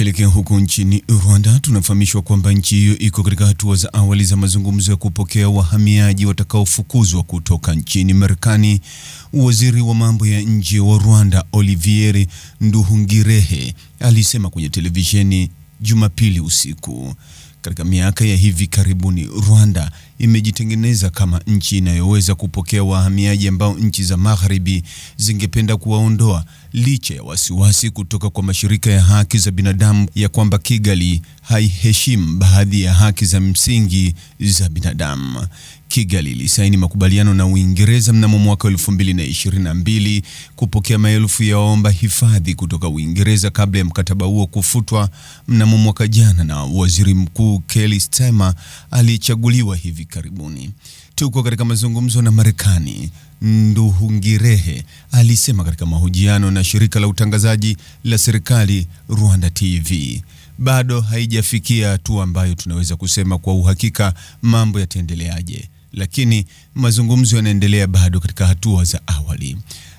Tukielekea huko nchini Rwanda, tunafahamishwa kwamba nchi hiyo iko katika hatua za awali za mazungumzo ya kupokea wahamiaji watakaofukuzwa kutoka nchini Marekani. Waziri wa mambo ya nje wa Rwanda, Olivier Nduhungirehe, alisema kwenye televisheni Jumapili usiku. Katika miaka ya hivi karibuni, Rwanda imejitengeneza kama nchi inayoweza kupokea wahamiaji ambao nchi za Magharibi zingependa kuwaondoa, licha ya wasiwasi kutoka kwa mashirika ya haki za binadamu ya kwamba Kigali haiheshimu baadhi ya haki za msingi za binadamu. Kigali ilisaini makubaliano na Uingereza mnamo mwaka 2022 kupokea maelfu ya waomba hifadhi kutoka Uingereza kabla ya mkataba huo kufutwa mnamo mwaka jana na Waziri Mkuu Keir Starmer aliyechaguliwa hivi karibuni. Tuko katika mazungumzo na Marekani, Nduhungirehe alisema katika mahojiano na shirika la utangazaji la serikali Rwanda TV. Bado haijafikia hatua ambayo tunaweza kusema kwa uhakika mambo yataendeleaje lakini mazungumzo yanaendelea bado katika hatua za awali.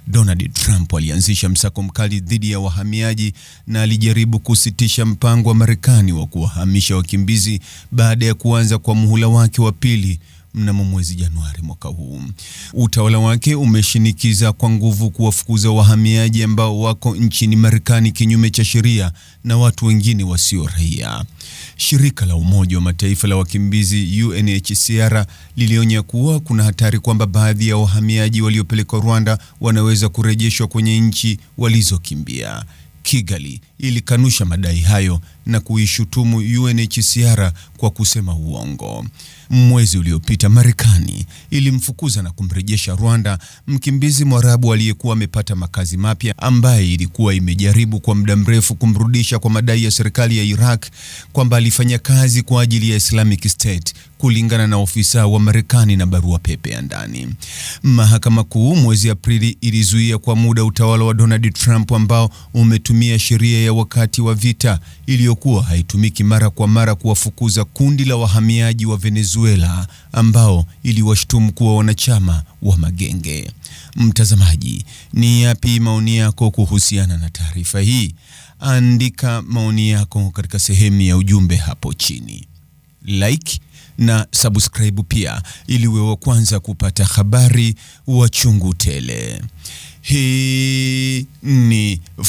Donald Trump alianzisha msako mkali dhidi ya wahamiaji na alijaribu kusitisha mpango wa Marekani wa kuwahamisha wakimbizi baada ya kuanza kwa muhula wake wa pili mnamo mwezi Januari mwaka huu. Utawala wake umeshinikiza kwa nguvu kuwafukuza wahamiaji ambao wako nchini Marekani kinyume cha sheria na watu wengine wasio raia. Shirika la Umoja wa Mataifa la wakimbizi UNHCR lilionya kuwa kuna hatari kwamba baadhi ya wahamiaji waliopelekwa Rwanda wanaweza kurejeshwa kwenye nchi walizokimbia. Kigali, ilikanusha madai hayo na kuishutumu UNHCR kwa kusema uongo. Mwezi uliopita, Marekani ilimfukuza na kumrejesha Rwanda mkimbizi Mwarabu aliyekuwa amepata makazi mapya ambaye ilikuwa imejaribu kwa muda mrefu kumrudisha kwa madai ya serikali ya Iraq kwamba alifanya kazi kwa ajili ya Islamic State kulingana na ofisa wa Marekani na barua pepe ya ndani. Mahakama Kuu mwezi Aprili ilizuia kwa muda utawala wa Donald Trump ambao umetumia sheria ya ya wakati wa vita iliyokuwa haitumiki mara kwa mara kuwafukuza kundi la wahamiaji wa Venezuela ambao iliwashtumu kuwa wanachama wa magenge. Mtazamaji, ni yapi maoni yako kuhusiana na taarifa hii? Andika maoni yako katika sehemu ya ujumbe hapo chini. Like na subscribe pia ili uwe wa kwanza kupata habari wa chungu tele. Hii ni